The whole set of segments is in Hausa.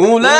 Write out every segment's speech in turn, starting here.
Ula!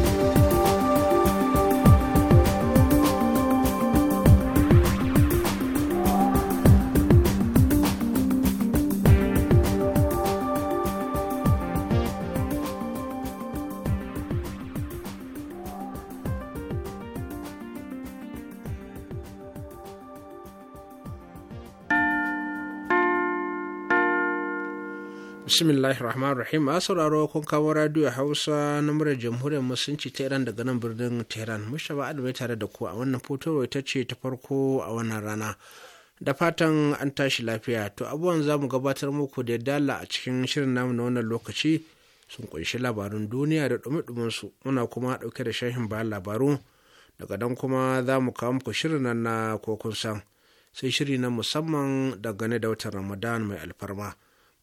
bismillahir rahman rahim a sauraro kun kawo radio hausa na murar jamhuriyar musulunci ta iran daga nan birnin tehran mushaba adamai tare da ku a wannan fotowar ita ce ta farko a wannan rana da fatan an tashi lafiya to abubuwan za mu gabatar muku da dala a cikin shirin namu na wannan lokaci sun kunshi labarun duniya da dumi su muna kuma dauke da shahin bayan labaru daga dan kuma za mu kawo muku shirin nan na kokun san sai shiri na musamman dangane da watan ramadan mai alfarma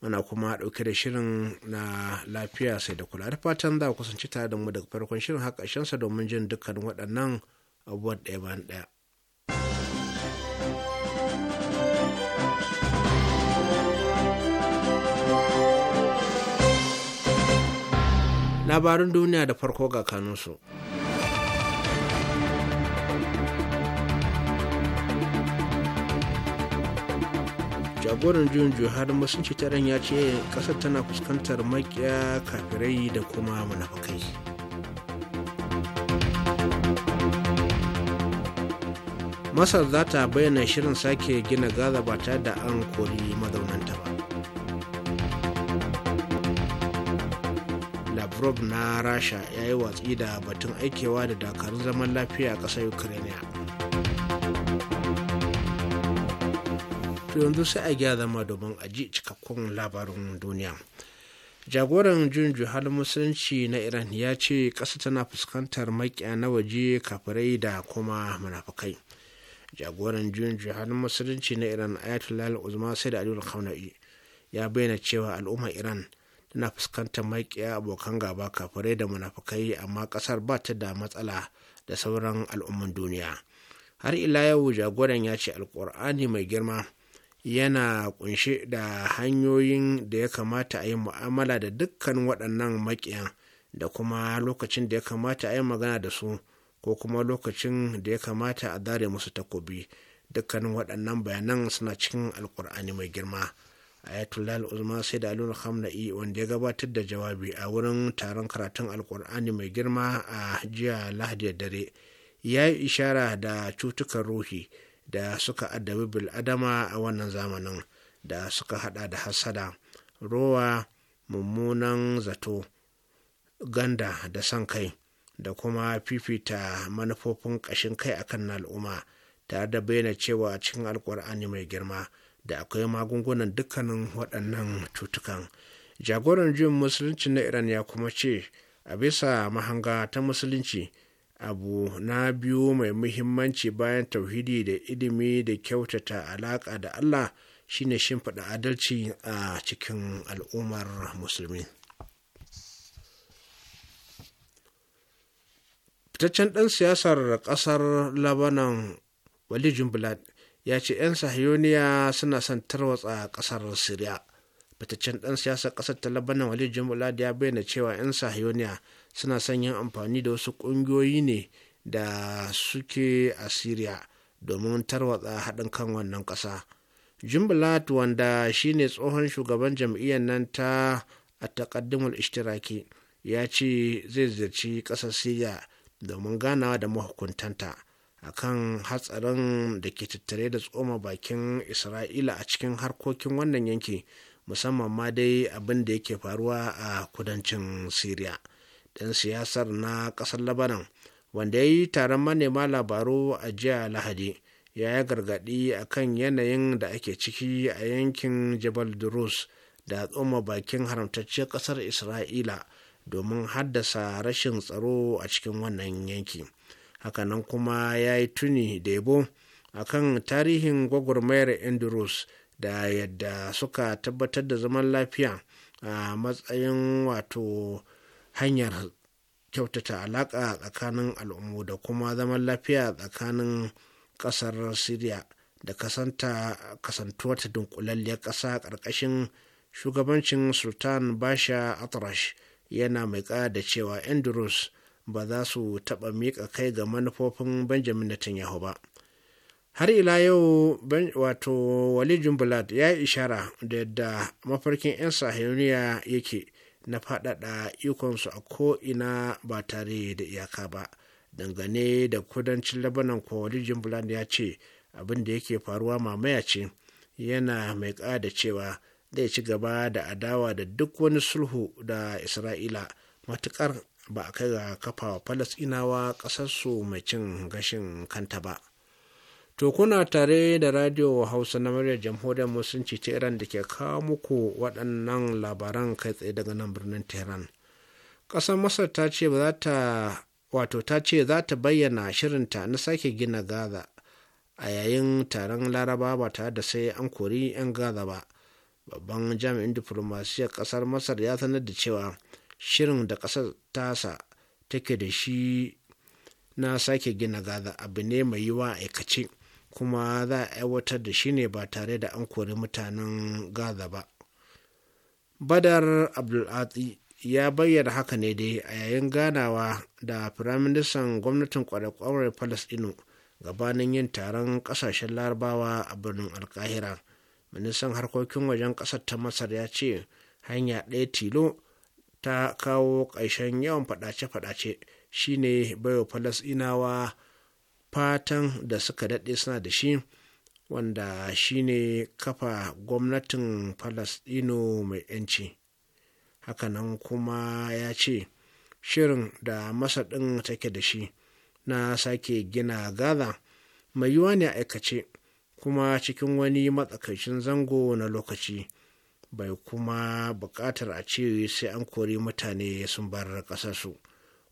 muna kuma ɗauke da shirin na lafiya sai da kula da fatan za ku kusanci tare da mu daga farkon shirin har sa domin jin dukkan waɗannan abubuwan ɗaya bayan ɗaya. Labarin duniya da farko ga kanunsu. jagoran juyin juhar musulunci taron ya ce kasar tana fuskantar makiya kafirai da kuma munafukai masar za ta bayyana shirin sake gina gaza ba tare da an kori mazaunanta ba lavrov na rasha ya yi watsi da batun aikewa da dakarun zaman lafiya a ƙasar ukraine to yanzu sai a gya zama domin a ji cikakkun labarin duniya jagoran junju halin musulunci na iran ya ce ƙasa tana fuskantar maƙiya na waje kafirai da kuma munafukai jagoran junju juhal musulunci na iran ayatollah uzma sai da aliyu khamenei ya bayyana cewa al'ummar iran tana fuskantar maƙiya abokan gaba kafirai da munafukai amma ƙasar ba ta da matsala da sauran al'umman duniya har ila yau jagoran ya ce alkur'ani mai girma yana kunshe da hanyoyin da ya kamata a yi mu'amala da dukkan waɗannan maƙiyan da kuma lokacin da ya kamata a yi magana da su ko kuma lokacin da ya kamata a dare musu takobi dukkanin waɗannan bayanan suna cikin alkur'ani mai girma ayatollah al'uzma sai da aliyu hamna'i wanda ya gabatar da jawabi a wurin taron karatun alkur'ani mai girma a jiya lahadi dare ya yi ishara da cutukan ruhi da suka addabi bil'adama a wannan zamanin da suka hada da hassada rowa mummunan zato ganda da san kai da kuma fifita manufofin ƙashin kai a kan al'umma tare da bayyana cewa a cikin alkur'ani mai girma da akwai magungunan dukkanin waɗannan cutukan jagoran juyin musulunci na iran ya kuma ce a bisa mahanga ta musulunci abu na biyu mai muhimmanci bayan tauhidi da ilimi da kyautata alaƙa da allah shine shimfiɗa adalci a cikin al'ummar musulmi fitaccen ɗan siyasar ƙasar labanan wali jumblad ya ce 'yan sahiyoniya suna son tarwatsa ƙasar siriya fitaccen ɗan siyasar ƙasar ta labanan wali jumblad ya bayyana cewa 'yan sahiyoniya suna son yin amfani da wasu ƙungiyoyi ne da suke a Siriya domin tarwatsa haɗin kan wannan ƙasa. Jumbalat wanda shine tsohon shugaban jam'iyyar nan ta a takaddimul ishtiraki ya ce zai ziyarci ƙasar Syria domin ganawa da mahukuntanta a kan hatsarin da ke tattare da tsoma bakin Isra'ila a cikin harkokin wannan yanki musamman ma dai abin da yake faruwa a kudancin Siriya. ɗan siyasar na ƙasar labanan wanda ya yi taron manema labaru a jiya lahadi ya yi gargaɗi a kan yanayin da ake ciki a yankin jabal durus da tsoma bakin haramtaccen ƙasar isra'ila domin haddasa rashin tsaro a cikin wannan yanki hakanan kuma ya yi tuni da yabo a kan tarihin gwagwarmayar indurus da yadda suka tabbatar da zaman lafiya a matsayin wato hanyar kyautata alaƙa tsakanin al'ummu da kuma zaman lafiya tsakanin ƙasar Siriya da kasanta ta dunkulalliyar ƙasa ƙarƙashin shugabancin sultan basha atrash yana mai ƙa da cewa Andrews ba za su taɓa miƙa kai ga manufofin benjamin netanyahu ba har ila yau wato wali jumblad ya yi ishara da yadda mafarkin 'yan sahiyoniya yake na faɗaɗa ikonsu a ko'ina ba tare da iyaka ba dangane da kudancin labanan kuwa rijin bulan ya ce abin da yake faruwa mamaya ce yana mai ƙada cewa zai ci gaba da adawa da duk wani sulhu da isra'ila matuƙar ba a kai ga wa falasɗinawa ƙasarsu mai cin gashin kanta ba To kuna tare da radio Hausa na muryar jamhuriyar musulunci ta Iran da ke kawo muku waɗannan labaran kai tsaye daga nan birnin Tehran. Ƙasar Masar ta ce ba za ta wato ta ce za ta bayyana shirinta na sake gina Gaza a yayin taron Laraba ba tare da sai an kori 'yan Gaza ba. Babban jami'in diflomasiyyar ƙasar Masar ya sanar da cewa shirin da ƙasar tasa take da shi na sake gina Gaza abu ne mai yiwa aikace. kuma za a aiwatar da shi ne ba tare da an kori mutanen gaza ba badar abdulatsi ya bayyana haka ne dai a yayin ganawa da firaministan gwamnatin kwarekwarar palestino gabanin yin taron kasashen larabawa a birnin alkahira ministan harkokin wajen kasar ta masar ya ce hanya ɗaya tilo ta kawo ƙarshen yawan faɗace-faɗace shine baiwa falasɗinawa fatan da suka daɗe suna da shi wanda shine kafa gwamnatin Falasɗinu mai 'yanci hakanan kuma ya ce shirin da masa ɗin take da shi na sake gina gaza mai yiwa ne aikace kuma cikin wani matsakaicin zango na lokaci bai kuma buƙatar a ce sai an kori mutane sun bar ƙasarsu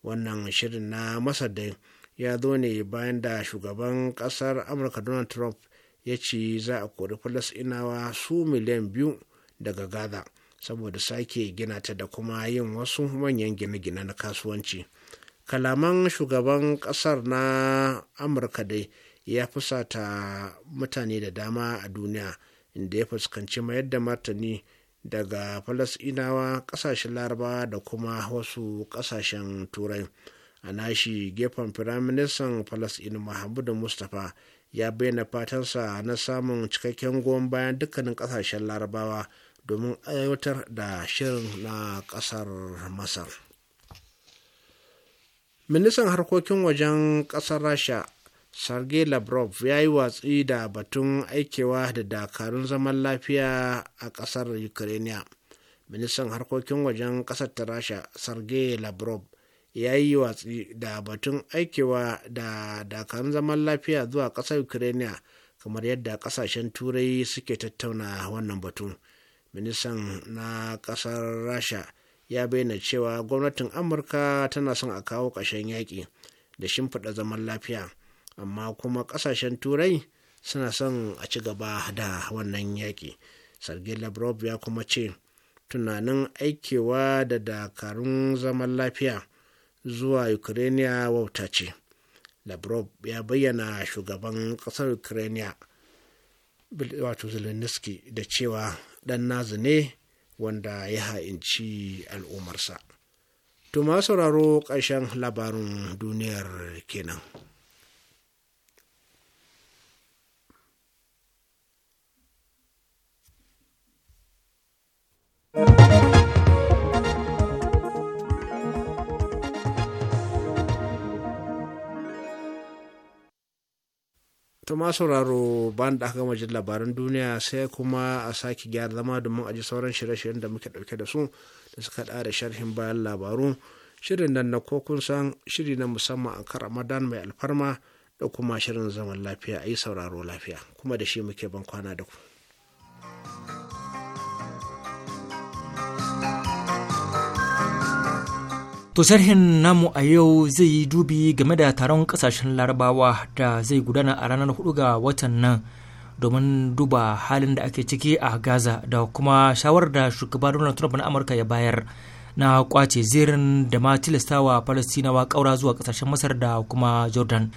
wannan shirin na masar dai ya zo ne bayan da shugaban ƙasar amurka donald trump ya ce za a kori falasɗinawa su miliyan biyu daga gaza saboda sake gina ta da kuma yin wasu manyan gine-gine na kasuwanci kalaman shugaban ƙasar na amurka dai ya fusata mutane da dama a duniya inda ya fuskanci mayar da martani daga falasɗinawa ƙasashen larabawa da kuma wasu ƙasashen turai a nashi gefen firaministan falasɗin mahamudu mustapha ya bayyana fatansa na samun cikakken goyon bayan dukkanin kasashen larabawa domin aiwatar da shirin na ƙasar masar ministan harkokin wajen ƙasar rasha sergei lavrov ya yi watsi da batun aikewa da dakarun zaman lafiya a ƙasar ukraine ministan harkokin wajen ƙasar ta rasha sergei lavrov ya yi watsi da batun aikewa da dakarun zaman lafiya zuwa ƙasar ukraine kamar yadda ƙasashen turai suke tattauna wannan batun ministan na ƙasar rasha ya bayyana cewa gwamnatin amurka tana son a kawo ƙashen yaƙi da shimfiɗa zaman lafiya amma kuma ƙasashen turai suna son a ci gaba da wannan yaƙi sergei lavrov ya kuma ce tunanin aikewa da dakarun zaman lafiya zuwa ukraine wauta ce lavrov ya bayyana shugaban kasar ukraine wato zelensky da cewa dan nazi ne wanda ya ha'inci al'ummarsa to ma sauraro ƙarshen labarin duniyar kenan thank you ma sauraro ban da aka gama jin labaran duniya sai kuma a sake gyara zama domin a ji sauran shirye-shiryen da muke ɗauke da su da suka da sharhin bayan labaru shirin nan na kun san shiri na musamman a kan ramadan mai alfarma da kuma shirin zaman lafiya a yi sauraro lafiya kuma da shi muke ban kwana da ku. To sharhin namu a yau zai yi dubi game da taron kasashen larabawa da zai gudana a ranar 4 ga watan nan domin duba halin da ake ciki a Gaza da kuma shawarar da shugaban Donald Trump na Amurka ya bayar na kwace zirin da ma tilastawa Falastinawa kaura zuwa kasashen Masar da kuma Jordan.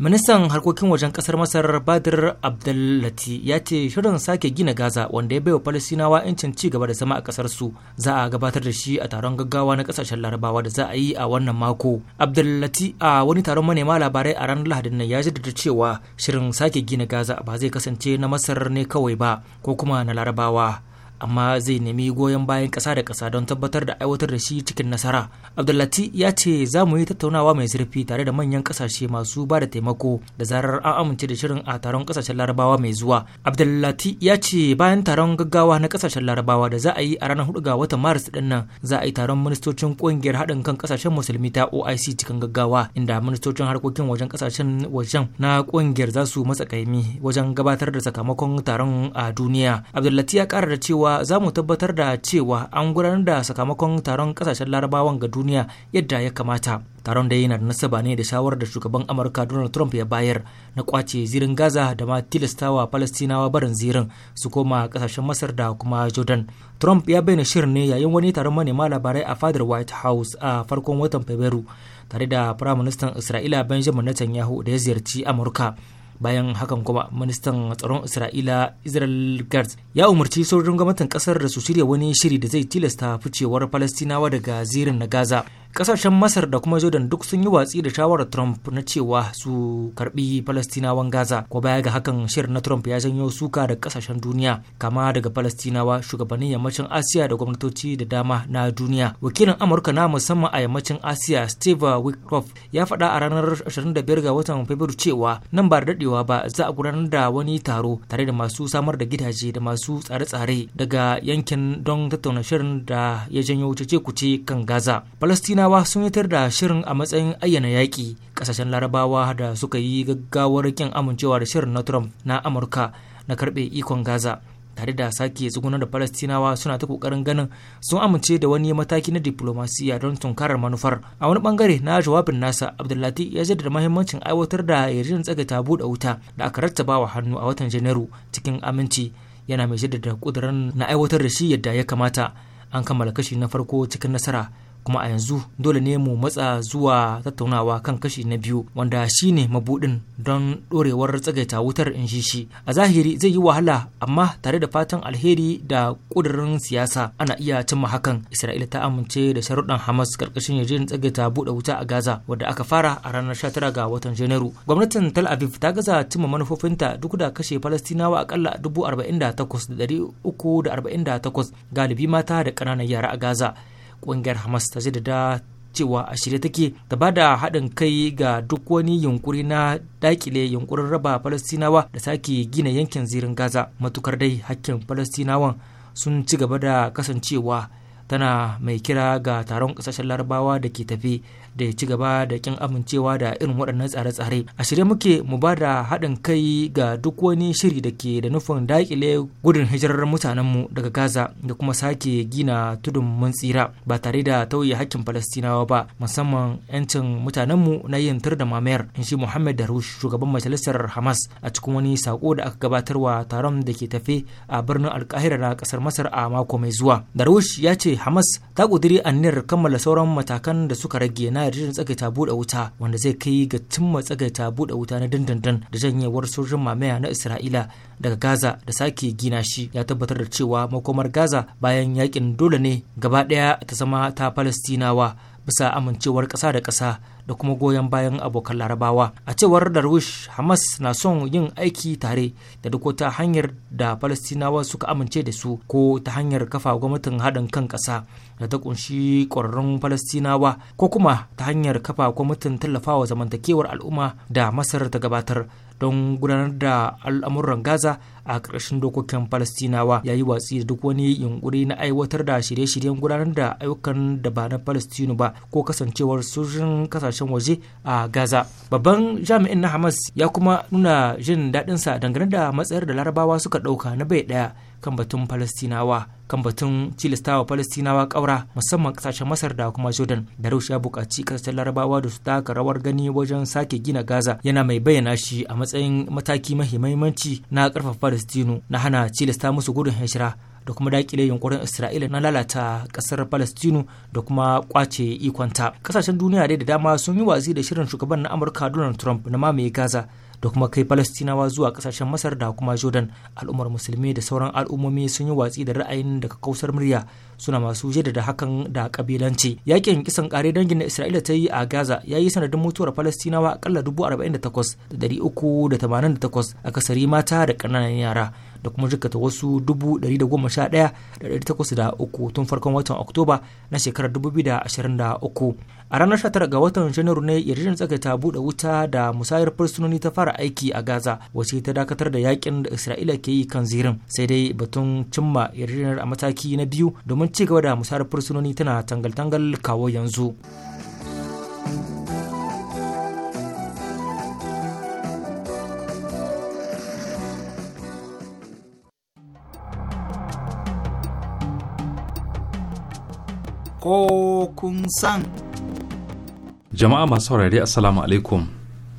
ministan harkokin wajen kasar masar badir abdullati ya ce shirin sake gina gaza wanda ya baiwa falasinawa 'yancin ci gaba da zama a kasar su za a gabatar da shi a taron gaggawa na kasashen larabawa da za a yi a wannan mako abdullati a wani taron manema labarai a ranar lahadin nan ya jaddada cewa shirin sake gina gaza ba zai kasance na masar ne kawai ba ko kuma na larabawa amma zai nemi goyon bayan kasa da kasa don tabbatar da aiwatar da shi cikin nasara abdullati ya ce za mu yi tattaunawa mai zurfi tare da manyan ƙasashe masu ba da taimako da zarar an amince da shirin a taron kasashen larabawa mai zuwa abdullati ya ce bayan taron gaggawa na kasashen larabawa da za a yi a ranar hudu ga watan maris din nan za a yi taron ministocin ƙungiyar haɗin kan ƙasashen musulmi ta oic cikin gaggawa inda ministocin harkokin wajen ƙasashen wajen na ƙungiyar za su matsa kaimi wajen gabatar da sakamakon taron a duniya abdullati ya ƙara da cewa cewa za mu tabbatar da cewa an gudanar da sakamakon taron kasashen larabawan ga duniya yadda ya kamata taron da yana da nasaba ne da shawarar da shugaban amurka donald trump ya bayar na kwace zirin gaza da ma tilastawa palestinawa barin zirin su koma kasashen masar da kuma jordan trump ya bayyana shirin ne yayin wani taron manema labarai a fadar white house a farkon watan fabrairu tare da firaministan isra'ila benjamin netanyahu da ya ziyarci amurka bayan hakan kuma ministan tsaron isra'ila israel gertz ya umarci sojojin gwamnatin kasar da su shirya wani shiri da zai tilasta ficewar falastinawa daga zirin na gaza kasashen masar da kuma jordan duk sun yi watsi da shawarar trump na cewa su karbi falastinawan gaza ko baya ga hakan shirin na trump ya janyo suka da kasashen duniya kama daga falastinawa shugabannin yammacin asiya da gwamnatoci da dama na duniya wakilin amurka na musamman a yammacin asiya steve wickoff ya faɗa a ranar 25 ga watan fabrairu cewa nan ba da cewa ba za a gudanar da wani taro tare da masu samar da gidaje da masu tsare-tsare daga yankin don tattauna shirin da ya janyo cece-kuce kan Gaza. Falastinawa sun yitar da shirin a matsayin ayyana yaƙi ƙasashen larabawa da suka yi gaggawar kin amincewa da shirin na Trump na Amurka na karɓe ikon Gaza. tare da sake tsuguna da falastinawa suna ta kokarin ganin sun amince da wani mataki na diplomasiya don tunkarar manufar a wani bangare na jawabin nasa abdullati ya jaddada mahimmancin aiwatar da yarjejen tsagaita buɗe wuta da aka rattaba wa hannu a watan janairu cikin aminci yana mai jaddada kudurin na aiwatar da shi yadda ya kamata an kammala kashi na farko cikin nasara kuma a yanzu dole ne mu matsa zuwa tattaunawa kan kashi na biyu wanda shine mabudin don dorewar tsagaita wutar in shi a zahiri zai yi wahala amma tare da fatan alheri da ƙudurin siyasa ana iya cimma hakan isra'ila ta amince da sharuɗan hamas karkashin yarjejeniyar tsagaita buɗe wuta a gaza wadda aka fara a ranar 19 ga watan janairu gwamnatin tel aviv ta gaza cimma manufofinta duk da kashe falastinawa akalla 48,348 galibi mata da ƙananan yara a gaza ƙungiyar hamas ta da cewa a shirye take ta ba da haɗin kai ga duk wani yunkuri na dakile yunkurin raba falastinawa da sake gina yankin zirin gaza matukar dai hakkin falastinawan sun ci gaba da kasancewa tana mai kira ga taron ƙasashen larabawa da ke tafi da ya ci gaba da kin amincewa da irin waɗannan tsare-tsare a shirye muke mu ba da haɗin kai ga duk wani shiri da ke da nufin daƙile gudun hijirar mutanenmu daga gaza da kuma sake gina tudun mun tsira ba tare da tauye hakkin falastinawa ba musamman 'yancin mutanenmu na yin tur da mamayar in shi muhammad darush shugaban majalisar hamas a cikin wani sako da aka gabatarwa taron da ke tafe a birnin alkahira na kasar masar a mako mai zuwa darush ya ce hamas ta ƙudiri aniyar kammala sauran matakan da suka rage na ma'ana yarjejeniyar tsagaita buɗe wuta wanda zai kai ga cimma tsagaita buɗe wuta na dandandan da janyewar sojin mamaya na isra'ila daga gaza da sake gina shi ya tabbatar da cewa makomar gaza bayan yakin dole ne gaba ɗaya ta zama ta palestinawa bisa amincewar ƙasa da ƙasa da kuma goyon bayan abokan larabawa a cewar darwish hamas na son yin aiki tare da duk wata hanyar da falastinawa suka amince da su ko ta hanyar kafa gwamnatin haɗin kan ƙasa da ta kunshi ƙwararrun falastinawa ko kuma ta hanyar kafa gwamnatin tallafawa zamantakewar al'umma da masar ta gabatar don gudanar da al'amuran gaza a ƙarshen dokokin falastinawa ya yi watsi da duk wani yunkuri na aiwatar da shirye-shiryen gudanar da ayyukan da ba na falastinu ba ko kasancewar sojin kasashen waje a gaza babban jami'in na hamas ya kuma nuna jin daɗinsa dangane da matsayar da larabawa suka ɗauka na bai ɗaya kan batun falastinawa kan batun tilastawa falastinawa kaura musamman kasashen masar da kuma jordan da ya buƙaci kasashen larabawa da su taka rawar gani wajen sake gina gaza yana mai bayyana shi a matsayin mataki mahimmanci na ƙarfafa falastinu na hana tilasta musu gudun hijira da kuma dakile yunkurin isra'ila na lalata ƙasar palestinu da kuma kwace ikonta kasashen duniya dai da dama sun yi watsi da shirin shugaban na amurka donald trump na mamaye gaza da kuma kai falastinawa zuwa kasashen masar da kuma jordan al'ummar musulmi da sauran al'ummomi sun yi watsi da ra'ayin daga kausar murya suna masu jaddada hakan da kabilanci yakin kisan kare dangin da isra'ila ta yi a gaza ya yi sanadin mutuwar falastinawa akalla dubu arba'in da takwas da dari uku da tamanin da takwas akasari mata da ƙananan yara da kuma jikata wasu dubu dari da goma sha ɗaya da dari takwas da uku tun farkon watan oktoba na shekarar dubu biyu da ashirin da uku a ranar sha tara ga watan janairu ne yarjejen ta buɗe wuta da musayar fursunoni ta fara aiki a gaza wacce ta dakatar da yakin da isra'ila ke yi kan zirin sai dai batun cimma yarjejenar a mataki na biyu domin ci gaba da musayar fursunoni tana tangal-tangal kawo yanzu. Ko kun san. Jama'a masu saurari Assalamu alaikum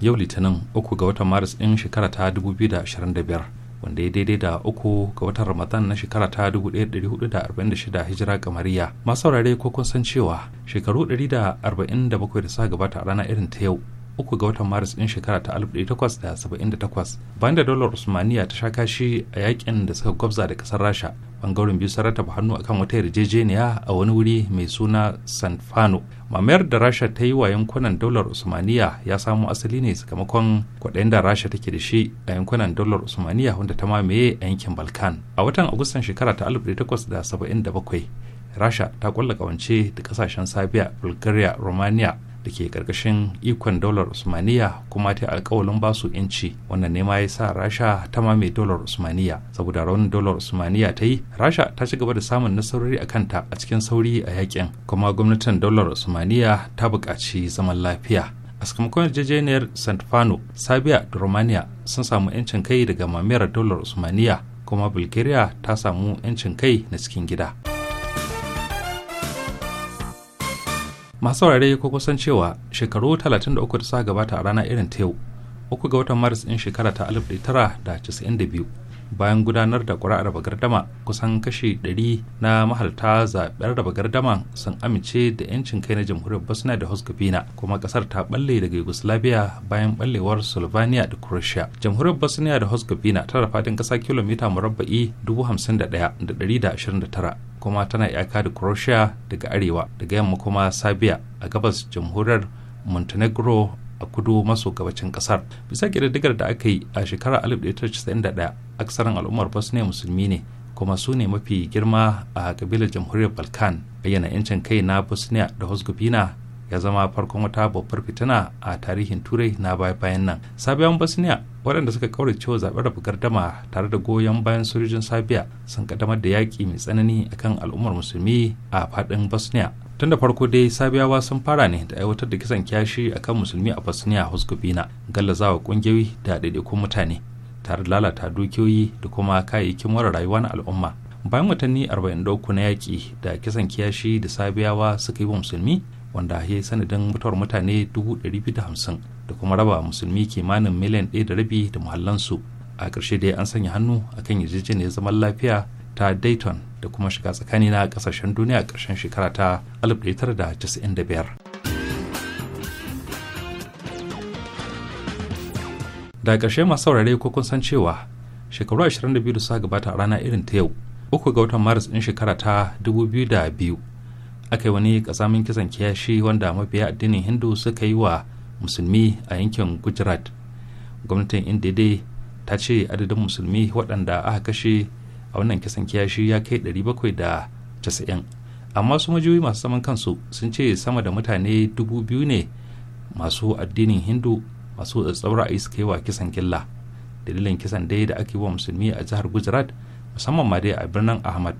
yau Litinin uku ga watan Maris ɗin shekara ta 2025. wanda ya daidai da uku ga watan ramadan na shekara ta 1446 hijira kamariya masu saurare ko kun san cewa shekaru 147 da sa gabata a rana irin ta yau uku ga watan maris din shekara ta 1878 bayan da dolar usmaniya ta sha kashi a yakin da suka gwabza da kasar rasha bangaren biyu sarrafa hannu akan wata yarjejeniya a wani wuri mai suna sanfano mamayar da rasha ta yi wa yankunan daular usmaniya ya samo asali ne sakamakon kwaɗayin da rasha take da shi a yankunan daular usmaniya wanda ta mamaye a yankin balkan a watan agustan shekara ta 1877 rasha ta kulla kawance da kasashen sabiya bulgaria romania da ke karkashin ikon dolar usmaniya kuma ta alkawalin basu yanci wannan ne ma ya sa rasha ta mame dolar usmaniya saboda raunin dolar usmaniya ta yi rasha ta ci gaba da samun nasarori a kanta a cikin sauri a yakin kuma gwamnatin dolar usmaniya ta buƙaci zaman lafiya a sakamakon yarjejeniyar st fano sabiya da romania sun samu yancin kai daga mamayar dolar usmaniya kuma bulgaria ta samu yancin kai na cikin gida. masu saurare ko kusan cewa shekaru 33 da suka gabata a rana irin ta yau uku ga watan maris in shekara ta 1992 bayan gudanar da ƙuri'ar raba gardama kusan kashi 100 na mahalta zaɓen raba gardama sun amince da 'yancin kai na jamhuriyar bosnia da herzegovina kuma kasar ta balle daga yugoslavia bayan ballewar slovenia da croatia jamhuriyar bosnia da herzegovina tana faɗin kasa kilomita murabba'i 51,129 kuma tana iyaka da croatia daga arewa daga yamma kuma serbia a gabas jamhuriyar montenegro a kudu maso gabacin kasar bisa kididdigar da aka yi a shekarar 1991 aksarin al'ummar bosnia musulmi ne kuma su ne mafi girma a kabilar jamhuriyar balkan bayyana 'yancin kai na bosnia da herzegovina ya zama farkon wata babbar fitina a tarihin turai na baya-bayan nan sabiyan bosnia waɗanda suka kaurace wa zaɓen rabu gardama tare da goyon bayan sojojin sabiya sun kaddamar da yaƙi mai tsanani akan al'ummar musulmi a faɗin bosnia tun da farko dai sabiyawa sun fara ne da aiwatar da kisan kyashi akan musulmi a bosnia herzegovina gallazawa ƙungiyoyi da ɗaiɗaikun mutane tare da lalata dukiyoyi da kuma kayayyakin mara rayuwa na al'umma bayan watanni arba'in 43 na yaƙi da kisan kiyashi da sabiyawa suka yi wa musulmi wanda ya yi sanadin mutuwar mutane 250,000 da kuma raba musulmi kimanin miliyan ɗaya da rabi da muhallansu a ƙarshe dai an sanya hannu a akan yarjejeniyar zaman lafiya ta dayton da kuma shiga tsakani na ƙasashen duniya a ƙarshen shekara ta 1995 da ƙarshe masu saurare ko kun san cewa shekaru 22 da suka gabata a rana irin ta yau uku ga watan maris ɗin shekara ta 2002 aka yi wani kasamin kisan kiyashi wanda mafiya addinin hindu suka yi wa musulmi a yankin gujarat gwamnatin indiya dai ta ce adadin musulmi waɗanda aka kashe a wannan kisan kiyashi ya kai 790 amma su majiyoyi masu saman kansu sun ce sama da mutane dubu biyu ne masu addinin hindu masu tsatsaura a suka yi wa kisan killa dalilin kisan dai da ake wa musulmi a jihar gujarat musamman ma dai a birnin ahmad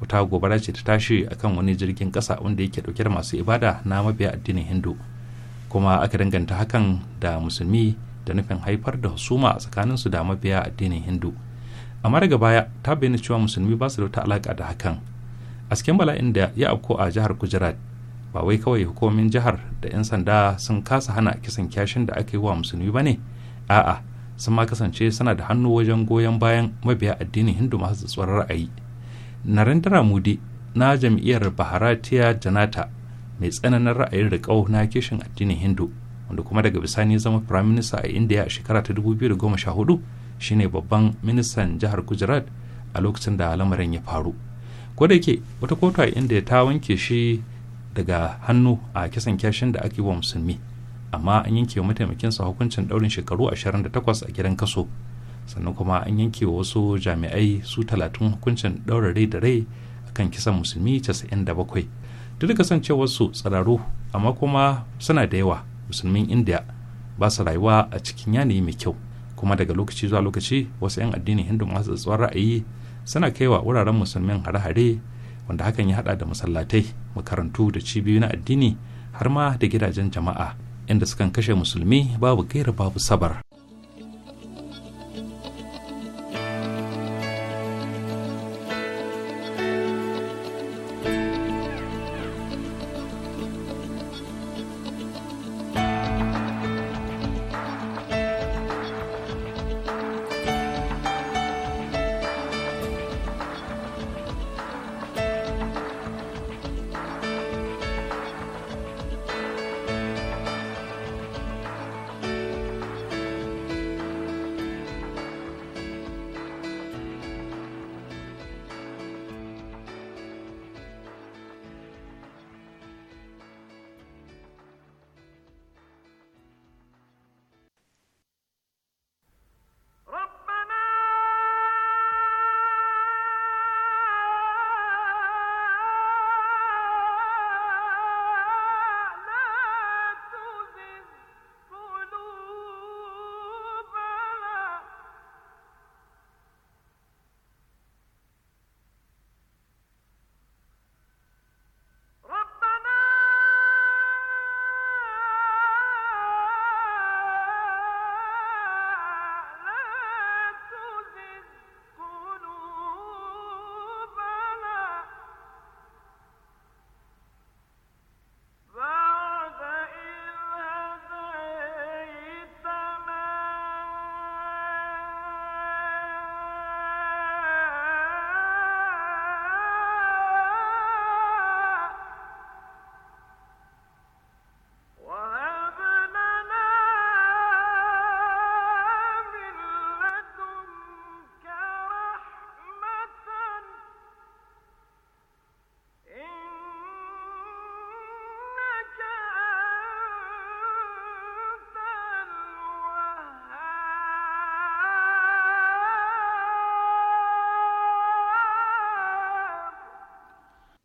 wata gobara ce ta tashi akan wani jirgin kasa wanda yake dauke da masu ibada na mabiya addinin hindu kuma aka danganta hakan da musulmi da nufin haifar da husuma a tsakaninsu da mabiya addinin hindu amma daga baya ta bayyana cewa musulmi ba su da wata alaka da hakan cikin bala'in da ya afko a jihar gujarat ba wai kawai hukumomin jihar da 'yan sanda sun kasa hana kisan kyashin da aka yi wa musulmi ba ne a'a sun ma kasance suna da hannu wajen goyon bayan mabiya addinin hindu masu tsoron ra'ayi narendra modi na jam'iyyar baharatiya janata mai tsananin ra'ayin riƙau na kishin addinin hindu wanda kuma daga bisani zama firayim minista a indiya a shekara ta 2014 shine babban ministan jihar gujarat a lokacin da lamarin ya faru ko da wata kotu a indiya ta wanke shi daga hannu a kisan kyashin da ake wa musulmi amma an yanke wa mataimakinsa hukuncin daurin shekaru 28 a gidan kaso sannan kuma an yanke wa wasu jami'ai su talatin hukuncin rai da rai kan kisan musulmi 97 duk da wasu tsiraru amma kuma suna da yawa musulmin india ba su rayuwa a cikin yanayi mai kyau kuma daga lokaci zuwa lokaci wasu 'yan addinin hindu masu tsatsuwar ra'ayi suna kaiwa wuraren musulmin hare-hare wanda hakan ya hada da masallatai makarantu da cibiyu na addini har ma da gidajen jama'a inda sukan kashe musulmi babu gaira babu sabar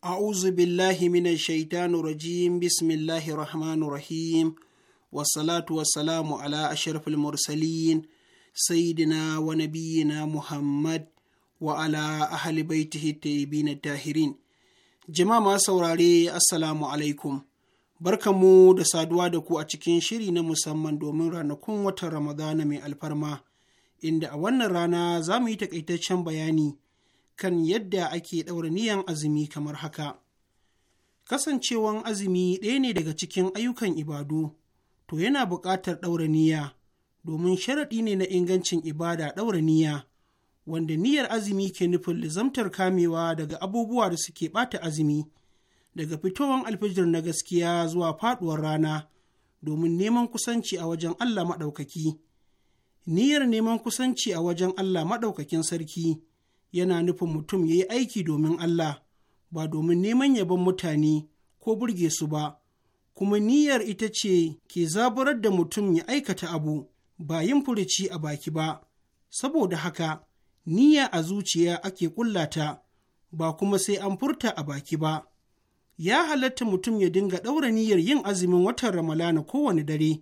a'uzu billahi mina shaitanu rajim bismillahi rahmanu rahim wasalatu wasalamu ala ashirfil mursalin sayidina wa nabiyina muhammad wa ala ahli baitihi na tahirin jama'a ma saurare assalamu alaikum barkamu da saduwa da ku a cikin shiri na musamman domin ranakun watan ramadana mai alfarma inda a wannan rana za mu yi takaitaccen bayani kan yadda ake ɗaura niyan azumi kamar haka. Kasancewan azumi ɗaya ne daga cikin ayyukan ibadu, to yana buƙatar ɗaura niyya, domin sharaɗi ne na ingancin ibada ɗaura niyya, wanda niyyar azumi ke nufin lizamtar kamewa daga abubuwa da suke ɓata azumi, daga fitowan alfijir na gaskiya zuwa faɗuwar rana, domin neman kusanci a wajen Allah maɗaukaki. Niyyar neman kusanci a wajen Allah maɗaukakin sarki. yana nufin mutum ya yi aiki domin Allah, ba domin neman yabon mutane ko burge su ba, kuma niyyar ita ce ke zaburar da mutum ya aikata abu ba yin furici a baki ba, saboda haka niyya a zuciya ake kullata, ba kuma sai an furta a baki ba. Ya halatta mutum ya dinga ɗaura niyyar yin azumin watan Ramalana kowane dare.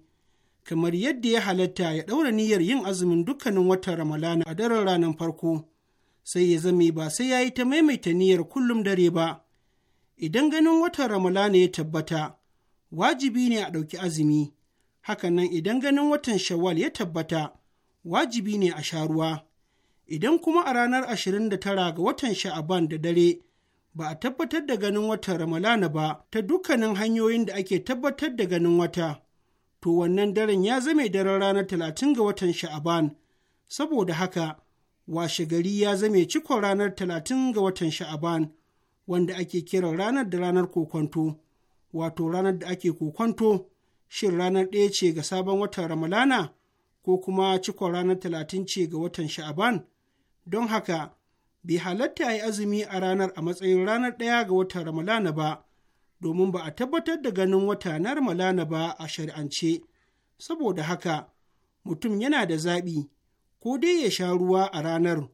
kamar yadda ya halatta ya ɗaura niyyar yin azumin dukkanin watan Ramalana a daren ranar farko, sai ya zame ba sai ya yi ta maimaita niyyar kullum dare ba. Idan ganin watan Ramalana ya tabbata, wajibi ne a ɗauki azumi, nan, idan ganin watan Shawwal ya tabbata, wajibi ne a sha ruwa. Idan kuma a ranar ashirin da tara ga watan Sha'aban da dare ba a tabbatar da ganin watan Ramalana ba ta dukkanin hanyoyin da ake tabbatar da ganin wata, to wannan daren ya zame daren ranar talatin ga watan Sha'aban, saboda haka. washe gari ya zame cikon ranar talatin ga watan sha'aban wanda ake kira ranar da ranar kokwanto wato ranar da ake kokwanto shin ranar ɗaya ce ga sabon watan ramalana ko kuma cikon ranar talatin ce ga watan sha'aban don haka bai halatta a yi azumi a ranar a matsayin ranar ɗaya ga watan ramalana ba domin ba a tabbatar da ganin wata na ramalana ba a shari'ance saboda haka mutum yana da zaɓi ko dai ya sha ruwa a ranar,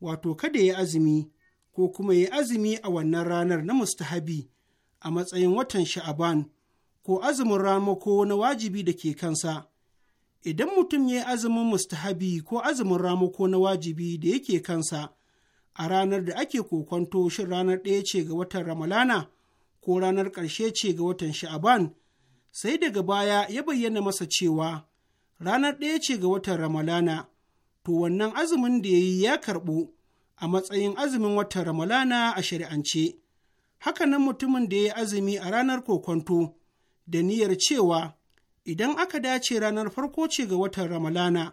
wato kada ya azumi, ko kuma ya azumi a wannan ranar na mustahabi a matsayin watan sha'aban ko azumin ramako na wajibi da ke kansa. Idan mutum ya yi azumin mustahabi ko azumin ramako na wajibi da yake kansa a ranar da ake kokwanto shin ranar ɗaya ce ga watan Ramalana ko ranar ƙarshe ce ga watan sha'aban, sai daga baya ya bayyana masa cewa ranar ɗaya ce ga watan Ramalana. to wannan azumin da ya yi ya karɓu a matsayin azumin watan Ramalana a shari'ance. Hakanan mutumin da ya yi azumi a ranar kokonto da niyyar cewa idan aka dace ranar farko ce ga watan Ramalana,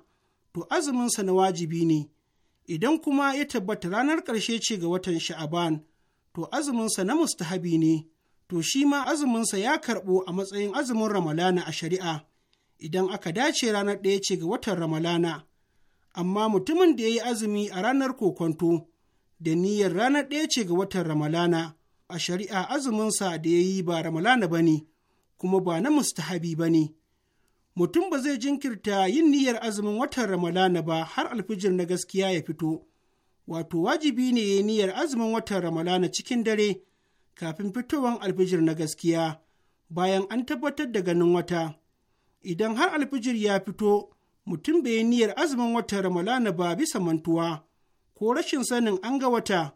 to azuminsa na wajibi ne, idan kuma ya tabbata ranar ƙarshe ce ga watan Sha'aban, to azuminsa na mustahabi ne, to shi ma azuminsa ya karɓo a matsayin azumin Ramalana a shari'a, idan aka dace ranar ɗaya ce ga watan Ramalana. amma mutumin da ya yi azumi a ranar kokonto da niyyar ranar ɗaya ce ga watan Ramalana, a shari'a azuminsa da ya yi ba Ramalana ba ne, kuma ba na mustahabi ba ne. Mutum ba zai jinkirta yin niyyar azumin watan Ramalana ba har alfijir na gaskiya ya fito, wato wajibi ne ya yi niyyar azumin watan Ramalana cikin dare kafin fitowar alfijir na gaskiya bayan an tabbatar da ganin wata. Idan har alfijir ya fito, mutum bai yi niyyar azumin wata Ramalana ba bisa mantuwa ko rashin sanin an ga wata,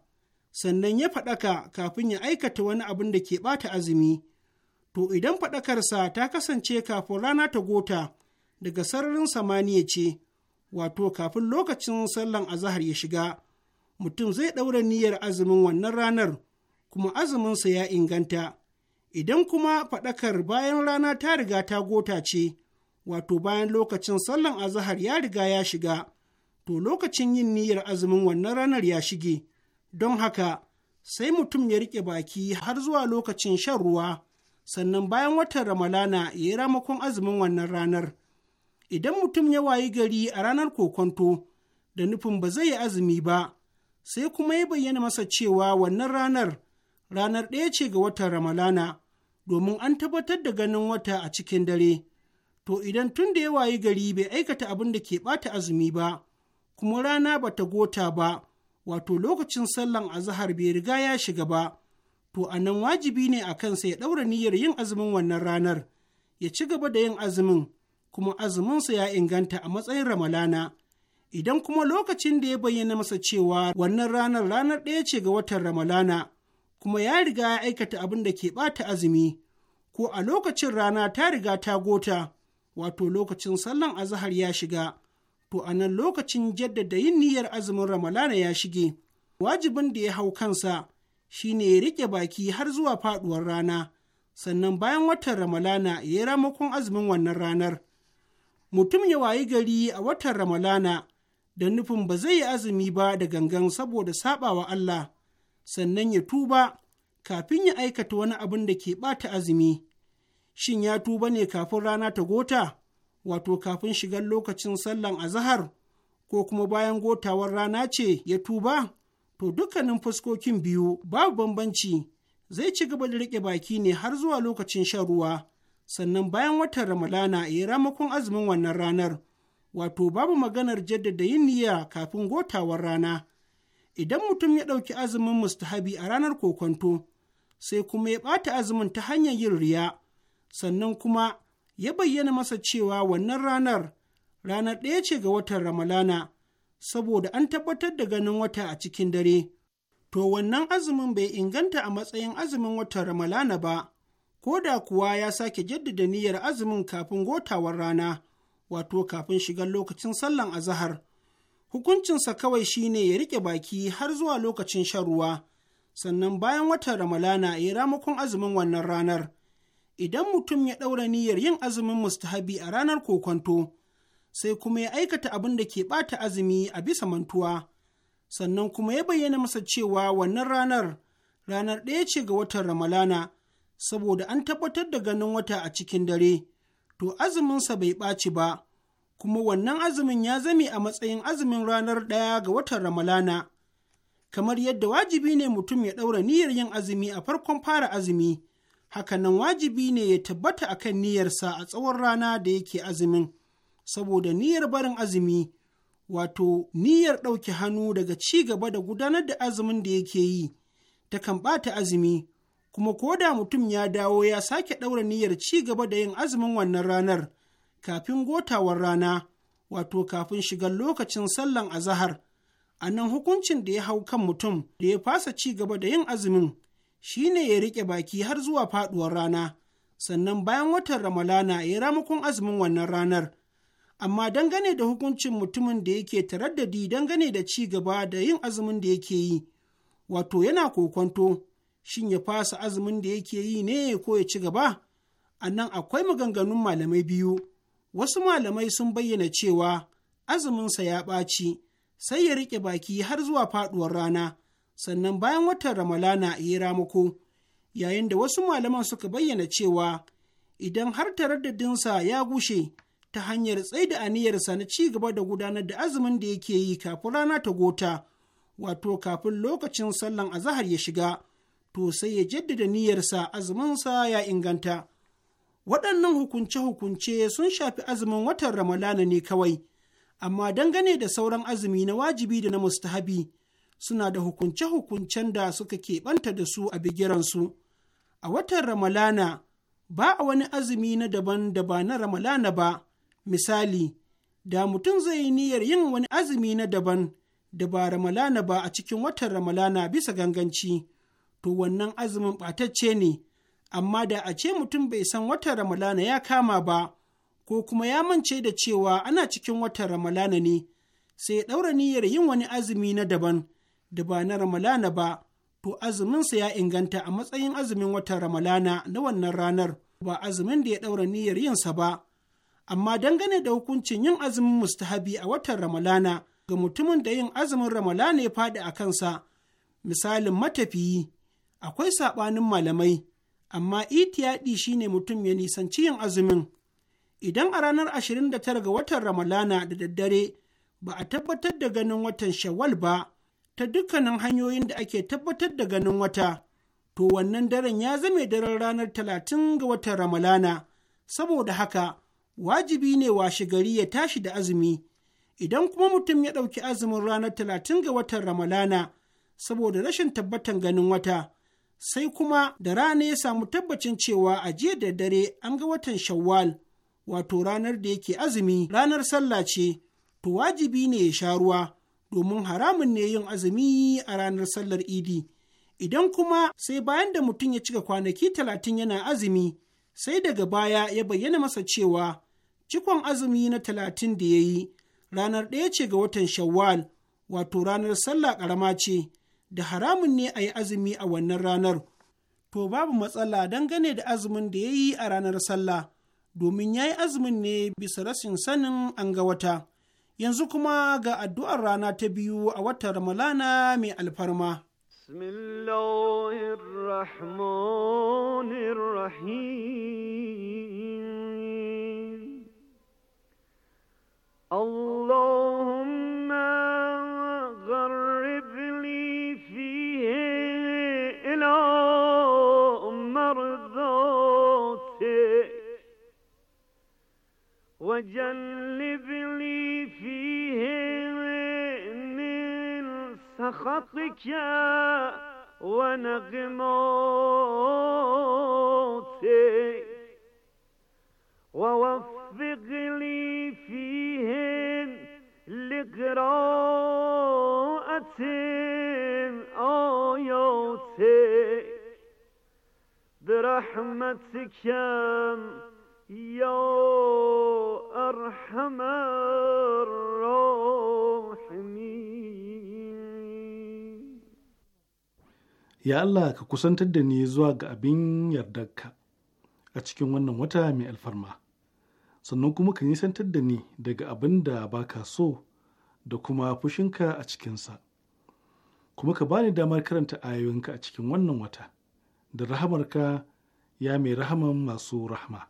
sannan ya faɗaka kafin ya aikata wani abin da ke ɓata azumi. To idan faɗakarsa ta kasance kafin rana ta gota daga sararin samaniya ce, wato kafin lokacin sallan azahar ya shiga, mutum zai ɗaura niyyar azumin wannan ranar, kuma azuminsa ya inganta. Idan kuma faɗakar bayan rana ta riga ta gota ce, wato bayan lokacin sallan azahar ya riga ya shiga, to lokacin yin niyyar azumin wannan ranar ya shige, don haka sai mutum ya riƙe baki har zuwa lokacin shan ruwa, sannan bayan watan Ramalana ya yi ramakon azumin wannan ranar. Idan mutum ya wayi gari a ranar kokonto, da nufin ba zai yi azumi ba, sai kuma ya bayyana masa cewa wannan ranar ranar ɗaya ce ga watan Ramalana, domin an tabbatar da ganin wata a cikin dare. to idan tun da ya wayi gari bai aikata abin da ke ɓata azumi ba, kuma rana ba ta gota ba, wato lokacin sallan azahar bai riga ya shiga ba, to a nan wajibi ne a kansa ya ɗaura niyyar yin azumin wannan ranar, ya ci gaba da yin azumin, kuma azuminsa ya inganta a matsayin ramalana. Idan kuma lokacin da ya bayyana masa cewa wannan ranar ranar ɗaya ce ga watan ramalana, kuma ya riga ya aikata abin da ke ɓata azumi, ko a lokacin rana ta riga ta gota. wato lokacin sallan azahar ya shiga, to a nan lokacin jaddada yin niyyar azumin Ramalana ya shige, wajibin da ya hau kansa shine ya riƙe baki har zuwa faɗuwar rana, sannan bayan watan Ramalana ya yi ramakon azumin wannan ranar. Mutum ya wayi gari a watan Ramalana da nufin ba zai yi azumi ba da gangan saboda saɓawa Allah, sannan ya tuba kafin ya aikata wani abin da ke ɓata azumi. shin ya tuba ne kafin rana ta gota wato kafin shigar lokacin sallan azahar ko kuma bayan gotawar rana ce ya tuba to dukkanin fuskokin biyu babu bambanci zai ci gaba da riƙe baki ne har zuwa lokacin shan ruwa sannan bayan watan ramadana ya ramakon azumin wannan ranar wato babu maganar jaddada yin niyya kafin gotawar rana idan mutum ya ɗauki azumin mustahabi a ranar kokonto sai kuma ya ɓata azumin ta hanyar yin riya sannan kuma ya bayyana masa cewa wannan ranar ranar ɗaya ce ga watan Ramalana, saboda an tabbatar da ganin wata a cikin dare. To wannan azumin bai inganta a matsayin azumin watan Ramalana ba, ko da kuwa ya sake jaddada niyyar azumin kafin gotawar rana, wato kafin shigar lokacin sallan azahar. Hukuncinsa kawai shine ya riƙe baki har zuwa lokacin shan ruwa, sannan bayan watan Ramalana ya ramakon azumin wannan ranar. idan mutum ya ɗaura niyyar yin azumin mustahabi a ranar kokwanto, sai kuma ya aikata abin da ke ɓata azumi a bisa mantuwa, sannan kuma ya bayyana masa cewa wannan ranar ranar ɗaya ce ga watan Ramalana, saboda an tabbatar da ganin wata a cikin dare, to azuminsa bai ɓaci ba, kuma wannan azumin ya zame a matsayin azumin ranar ɗaya ga watan Ramalana. Kamar yadda wajibi ne mutum ya ɗaura niyyar yin azumi a farkon fara azumi. hakanan wajibi ne ya tabbata a kan niyyarsa a tsawon rana da yake azumin saboda niyyar barin azumi wato niyyar ɗauke hannu daga ci gaba da gudanar da azumin da yake yi takan ɓata azumi kuma ko da mutum ya dawo ya sake ɗaura niyyar ci gaba da yin azumin wannan ranar kafin gotawar rana wato kafin shigar lokacin sallan azahar a nan hukuncin da ya hau kan mutum da ya fasa ci gaba da yin azumin shi ne ya riƙe baki har zuwa faɗuwar rana, sannan bayan watan Ramalana ya ramakon azumin wannan ranar. Amma dangane da hukuncin mutumin da yake taraddadi dangane da ci gaba da yin azumin da yake yi, wato yana kokonto, shin ya fasa azumin da yake yi ne ko ya ci gaba? A nan akwai maganganun malamai biyu, wasu malamai sun bayyana cewa azuminsa ya ɓaci, sai ya riƙe baki har zuwa faɗuwar rana. sannan bayan watan ramalana yi ramako yayin da wasu malaman suka bayyana cewa idan har taraddadinsa ya gushe ta hanyar tsaida aniyarsa na ci gaba da gudanar da azumin da yake yi kafin rana ta gota wato kafin lokacin sallan azahar ya shiga to sai ya jaddada niyyarsa azuminsa ya inganta waɗannan hukunce-hukunce sun shafi azumin watan ramalana ne kawai amma dangane da sauran azumi na wajibi da na mustahabi suna da hukunce-hukuncen da suka keɓanta da su a bigiransu. A watan Ramalana ba a wani azumi na daban da ba na Ramalana ba, misali, da mutum zai yi niyyar yin wani azumi na daban da ba Ramalana ba a cikin watan Ramalana bisa ganganci, to wannan azumin ɓatacce ne, amma da a ce mutum bai san watan Ramalana ya kama ba, ko kuma ya mance da cewa ana cikin watan Ramalana ne, sai ya ɗaura niyyar yin wani azumi na daban. da ba na Ramalana ba, to azuminsa ya inganta a matsayin azumin watan Ramalana na wannan ranar ba azumin da ya ɗaura niyyar yinsa ba. Amma dangane da hukuncin yin azumin mustahabi a watan Ramalana ga mutumin da yin azumin Ramalana ya faɗi a kansa, misalin matafiyi, akwai saɓanin malamai, amma itiyaɗi shine mutum ya nisanci yin azumin. Idan a ranar ashirin da 29 ga watan Ramalana da daddare ba a tabbatar da ganin watan Shawwal ba, ta dukkanin hanyoyin da ake tabbatar da ganin wata, to wannan daren ya zame daren ranar talatin ga watan Ramalana, saboda haka wajibi ne washe gari ya tashi da azumi, idan kuma mutum ya ɗauki azumin ranar talatin ga watan Ramalana, saboda rashin tabbatan ganin wata, sai kuma da rana ya samu tabbacin cewa a jiya da dare an ga watan Shawwal, wato ranar da yake azumi, ranar sallah ce, to wajibi ne ya sha ruwa. domin haramun ne yin azumi a ranar sallar idi idan kuma sai bayan da mutum ya cika kwanaki talatin yana azumi sai daga baya ya bayyana masa cewa cikon azumi na talatin da ya yi ranar ɗaya ce ga watan shawwal wato ranar sallah ƙarama ce da haramun ne a yi azumi a wannan ranar to babu matsala dangane da azumin da ya yi a ranar sallah domin ya yi azumin ne bisa rashin sanin an ga wata yanzu kuma ga addu'ar rana ta biyu a watan Ramalana mai alfarma. Bismillahirrahmanirrahim. Allah وجلب لي فيه من سخطك ونغموتك ووفق لي فيهن لقراءة آياتك برحمتك Ya allah ka kusantar da ni zuwa ga abin yardarka a cikin wannan wata mai alfarma sannan kuma ka nisantar da ni daga abin da ba so da kuma fushinka a cikinsa kuma ka bani damar karanta ayoyinka a cikin wannan wata da rahamarka ya mai rahaman masu rahama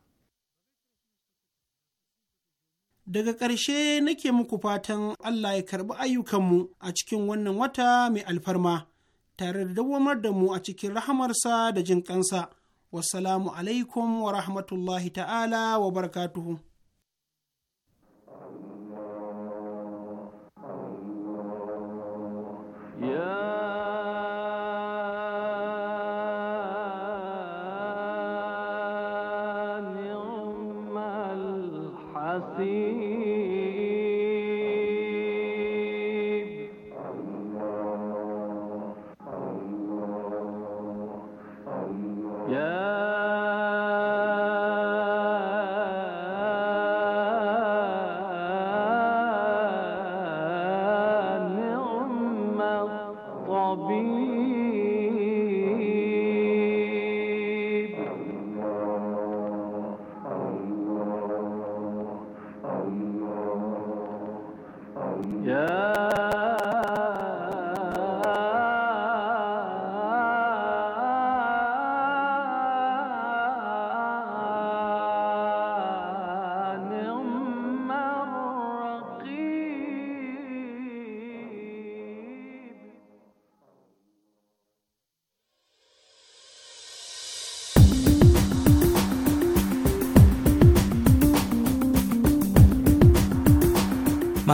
Daga ƙarshe nake muku fatan Allah ya karɓi ayyukanmu a cikin wannan wata mai alfarma, tare da dawamar da mu a cikin rahamarsa da jin ƙansa. Wassalamu alaikum wa rahmatullahi ta'ala wa barakatuhu. Yeah. Robin.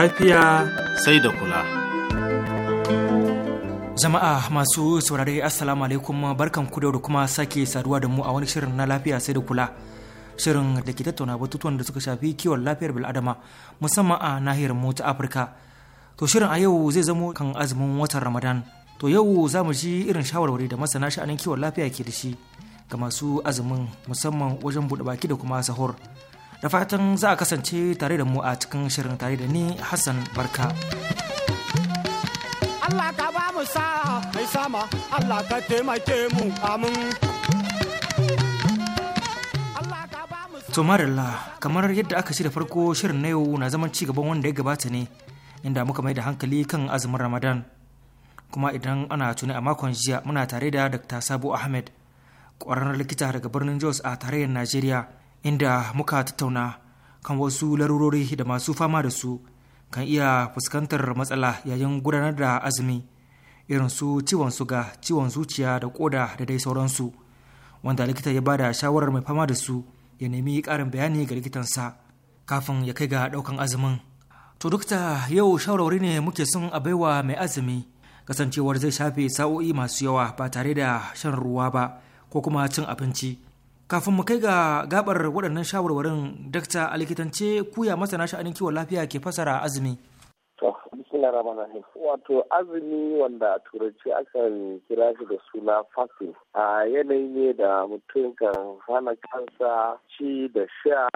Lafiya sai da kula. Jama'a masu saurare Assalamu alaikum barkan ku da kuma sake saduwa da mu a wani shirin na lafiya sai da kula. Shirin da ke tattauna batutuwan da suka shafi kiwon lafiyar bil'adama musamman a nahiyar mu ta Afirka. To shirin a yau zai zamo kan azumin watan Ramadan. To yau za mu ji irin shawarwari da masana sha'anin kiwon lafiya ke da shi ga masu azumin musamman wajen buɗe baki da kuma sahur. da fatan za a kasance tare da mu a cikin shirin tare da ni Hassan Barka. Allah ka ba mu sa'a mai sama Allah ka taimake mu amin. To marilla kamar yadda aka shirya farko shirin na yau na zaman ci gaban wanda ya gabata ne inda muka mai da hankali kan azumin Ramadan. Kuma idan ana tuni a makon jiya muna tare da Dr. Sabo Ahmed ƙwararren likita daga birnin Jos a tarayyar Najeriya. inda muka tattauna kan wasu larurori da masu fama da su kan iya fuskantar matsala yayin gudanar da azumi irin su ciwon suga ciwon zuciya da koda da dai sauransu wanda likita ya bada shawarar mai fama da su ya nemi ƙarin bayani ga likitansa kafin ya kai ga ɗaukan azumin to dukta yau shawarwari ne muke son a baiwa mai azumi kasancewar zai shafe sa'o'i masu yawa ba tare da shan ruwa ba ko kuma cin abinci kafin mu kai ga gabar waɗannan shawarwarin dakta a likitance kuya masana sha'anin kiwon lafiya ke fasara azumi Bismillah Wato azumi wanda a turanci akan kira shi da suna fasting. A yanayi ne da mutum kan hana kansa ci da sha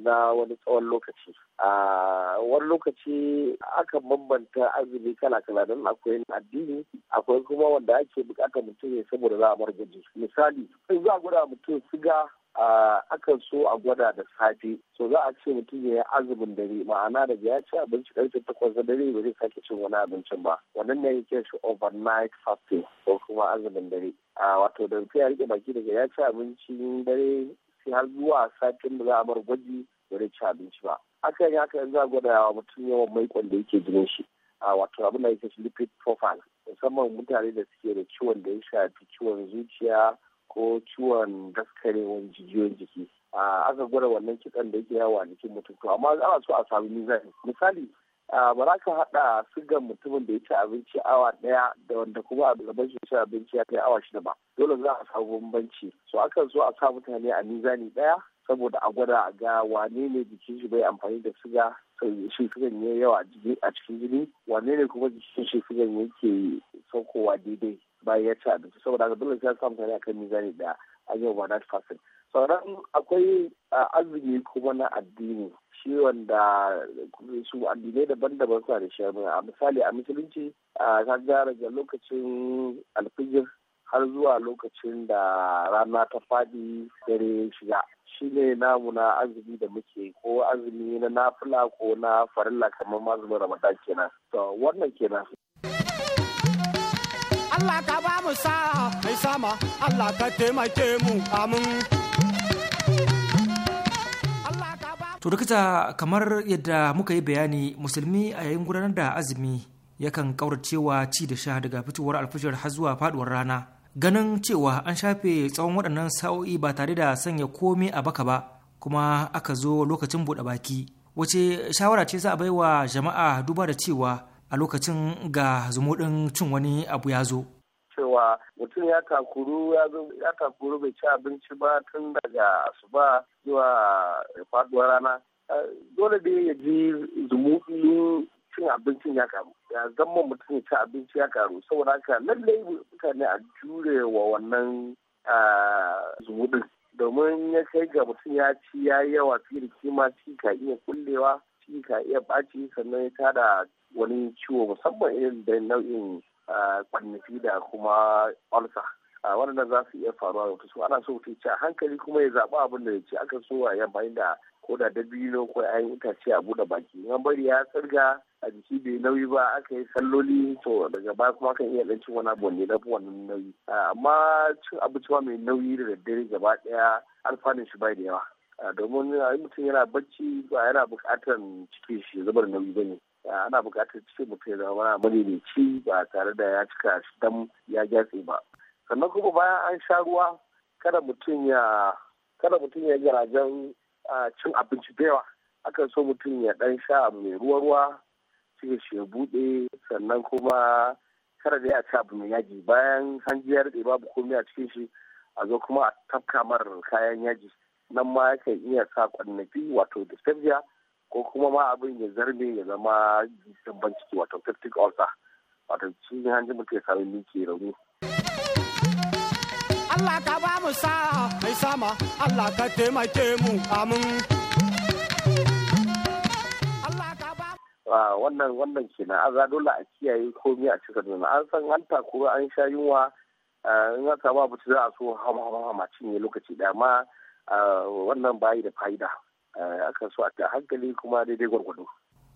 na wani tsawon lokaci. A wani lokaci akan bambanta azumi kala-kala don akwai addini akwai kuma wanda ake bukatar mutum ne saboda za a bar gaji. Misali, in za a gwada mutum siga Ah, akan so a gwada da safe so za a ce mutum ya yi azumin dare ma'ana da ya ci abinci karfe takwas da dare ba zai sake cin wani abincin ba wannan ne yake shi overnight fasting ko kuma azumin dare a ah, wato da ya rike baki daga ya ci abincin dare sai har zuwa satin da za a bar gwaji ba zai ci abinci ba akan yi haka yanzu a gwada wa mutum yawan maikon da yake jinin shi a ah, wato abin da yake shi lipid profile musamman mutane da suke da ciwon da ya shafi ciwon zuciya ko ciwon daskarewan jijiyoyin jiki aka gwada wannan kitan da yake yawa a jikin mutum to amma ana so a sami mizani misali ba za ka haɗa sigan mutumin da ya ci abinci awa daya da wanda kuma a gaban shi ci abinci ya kai awa shida ba dole za a samu bambanci so akan so a sa mutane a mizani daya saboda a gwada a ga wane ne jikin shi bai amfani da siga shi sigan ya yawa a cikin jini wane ne kuma jikin shi sigan yake saukowa daidai bayan ya ci abinci saboda haka dole sai samu tare akan mizani da an yi one night fasting sauran akwai arziki kuma na addini shi wanda su addinai daban-daban suna da shi a misali a musulunci ta ga daga lokacin alfijir har zuwa lokacin da rana ta fadi dare shiga shi ne namu na azumi da muke ko azumi na nafila ko na farilla kamar mazumin ramadan kenan to wannan kenan Allah ka ba mu sa mai sama Allah ka taimake mu amin To rikita kamar yadda muka yi bayani musulmi a yayin gudanar da azumi yakan kauracewa ci da sha daga fitowar alfashar har zuwa faduwar rana ganin cewa an shafe tsawon waɗannan sa'o'i ba tare da sanya komai a baka ba kuma aka zo lokacin buɗe baki wace shawara ce za a baiwa jama'a duba da cewa a lokacin ga zumuɗin cin wani abu ya zo. cewa mutum ya takuru ya takuru bai ci abinci ba tun daga asuba zuwa faduwar rana dole dai ya ji zumuɗin cin abincin ya karu ya zama mutum ya ci abinci ya karu saboda haka lallai mutane a jure wa wannan zumuɗin domin ya kai ga mutum ya ci ya yawa fiye da kima ci ka iya kullewa ciki ka iya ɓaci sannan ya tada wani ciwo musamman irin da nau'in kwanifi da kuma ulcer a waɗannan za su iya faruwa da su ana so mutum ci a hankali kuma ya zaɓi abin da ya ci aka so a yamma inda ko da dabino ko ita itace a buɗe baki in bari ya tsirga a jiki bai nauyi ba aka yi salloli to daga baya kuma kan iya ɗan cin wani abu ne na wannan nauyi amma cin abinci ma mai nauyi da daddare gaba ɗaya alfanun shi bai da yawa Ah, domin ah, mutum yana bacci ba yana bukatar cikin shi zubar nauyi ba ne ah, ana bukatar cikin mutum ya zama madaidaici ba tare da ya cika shi dam ya gyatse ba sannan kuma bayan an sha ruwa kada mutum ya kada cin abinci da yawa akan so mutum ya dan sha mai ruwa ruwa cikin shi ya buɗe sannan kuma kada da ya ci abu mai yaji bayan hanjiyar ya babu komai a cikin shi a zo kuma a tafka mar kayan yaji nan ma yakan iya sa kwannafi wato dyspepsia ko kuma ma abin ya zarme ya zama jisabban ciki wato peptic ulcer wato cikin hanji mutum ya sami miki rauni. Allah ka ba mu sa mai sama Allah ka taimake mu amin. wannan wannan kenan aza dole a kiyaye komai a cikin nuna an san an takuru an sha yunwa eh, in aka ba abu za a so hama hama cinye lokaci dama wannan bayi da fa'ida eh, kan so a ta hankali kuma daidai gwargwado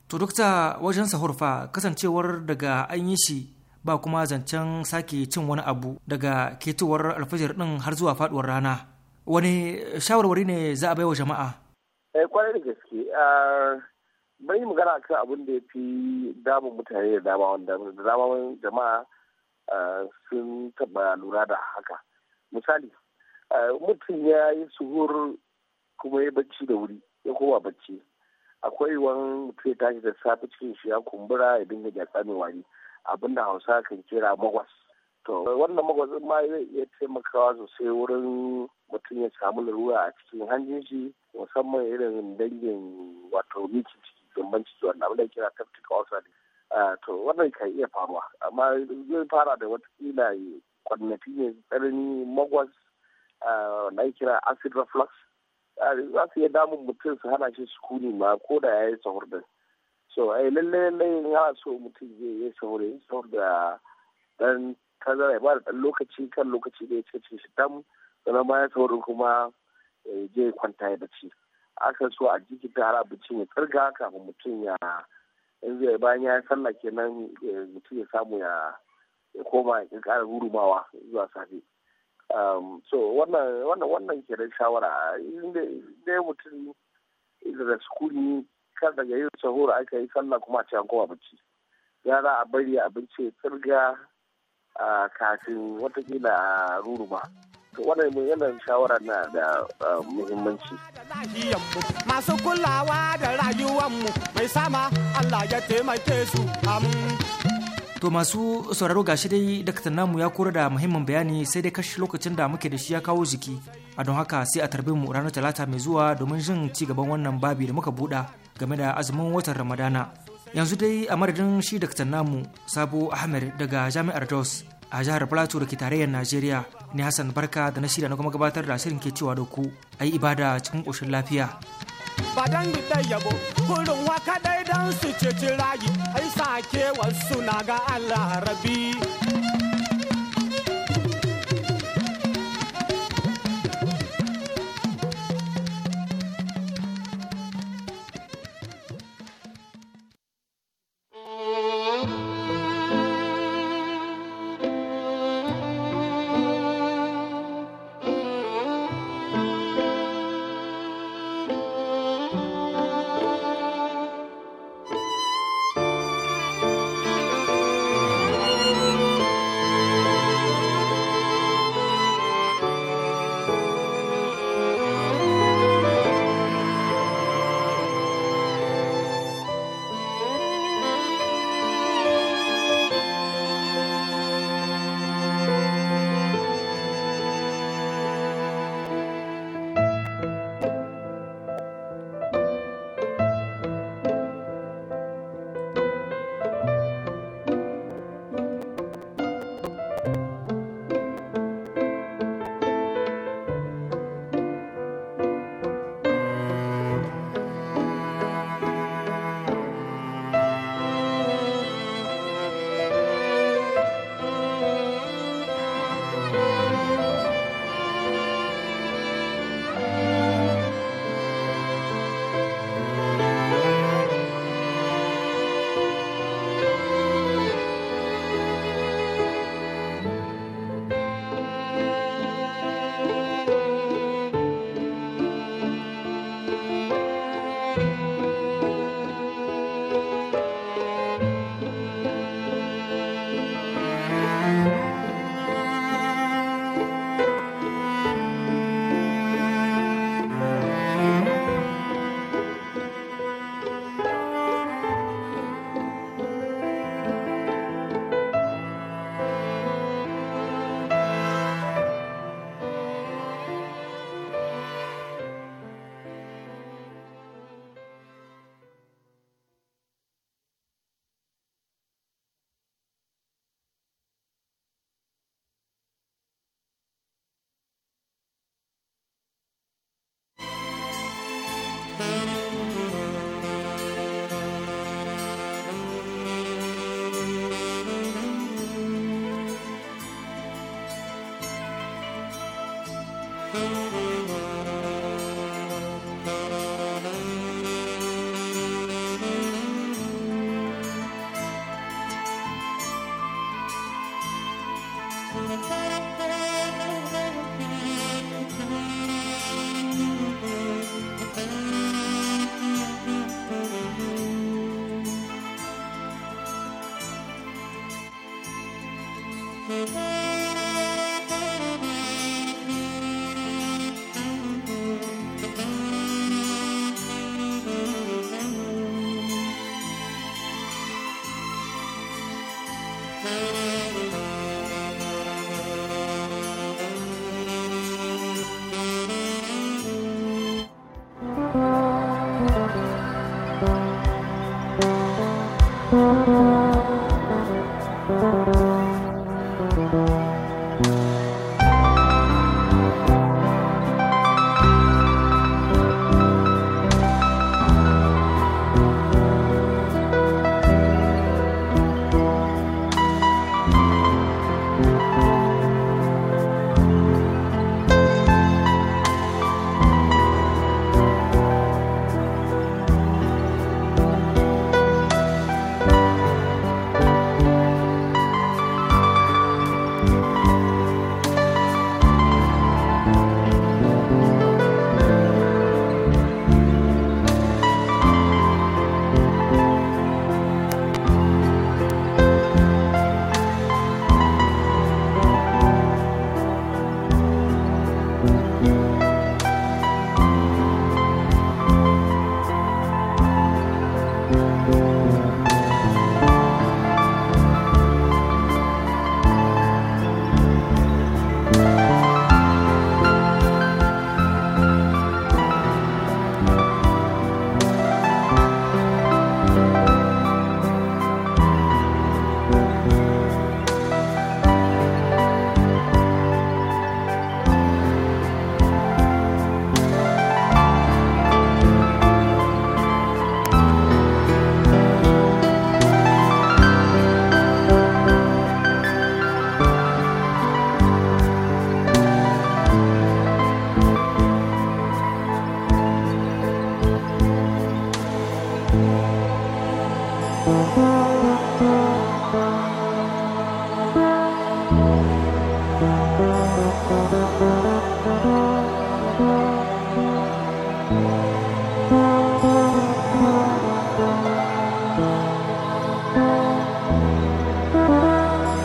to dokta wajen sahur kasancewar daga an yi shi ba kuma zancen sake cin wani abu daga ketowar alfajir din har zuwa faduwar rana wani shawarwari ne za a baiwa jama'a eh kwarai da gaske ah, yi magana kan abin da ya fi damun mutane da dama wanda da dama jama'a ah, sun taba lura da haka misali mutum ya yi suhur kuma ya bacci da wuri ya koma bacci akwai wani mutum ya tashi da safe cikin shi ya kumbura ya dinga gyatsa mai wari abinda hausa kan kira magwas to wannan magwas ma zai taimakawa sosai wurin mutum ya samu larura a cikin hanjin shi musamman irin dangin wato miki ciki gamban ciki wanda abin da kira tafti ne to wannan kan iya faruwa amma zai fara da wata kila kwanaki ne tsarini magwas Ah, na ake kira acid reflux ah, za su iya damun mutum su hana shi sukuni ma ko da ya yi sahur din so ai eh, lalle lalle ya so mutum zai yi sahur da dan tazara ya ba da dan lokaci kan lokaci da ya ce ce shi dam sannan bayan sahur kuma eh, je kwanta ya a aka so a jiki ta har abinci mai tsirga kafin mutum ya in zai bayan ya sallake kenan eh, mutum ya samu ya koma ya ƙara rurumawa zuwa safe Um, so wannan wannan wannan shawara inda mutum da sukuni kar daga yin sahura aka yi sallah kuma a cikin kowa bacci ya za a bari abinci ya tsirga kafin watakila a ruruma to wannan mai yanayin shawara na da muhimmanci masu kulawa da rayuwar mu mai sama Allah ya taimake su amin To masu sauraro gashi dai daktar namu ya kora da muhimmin bayani sai dai kashi lokacin da muke da shi ya kawo jiki. A don haka sai a tarbe mu ranar talata mai zuwa domin jin ci gaban wannan babi da muka buɗa game da azumin watan Ramadana. Yanzu dai a madadin shi daktar namu Sabo Ahmed daga Jami'ar Jos a jihar Plateau da ke tarayyar Najeriya ne Hassan Barka da na shirya na kuma gabatar da shirin ke cewa da ku ayi ibada cikin ƙoshin lafiya. badan dan da yabo kurin wa kadai dan su ceci ai sakewar na ga Allah rabi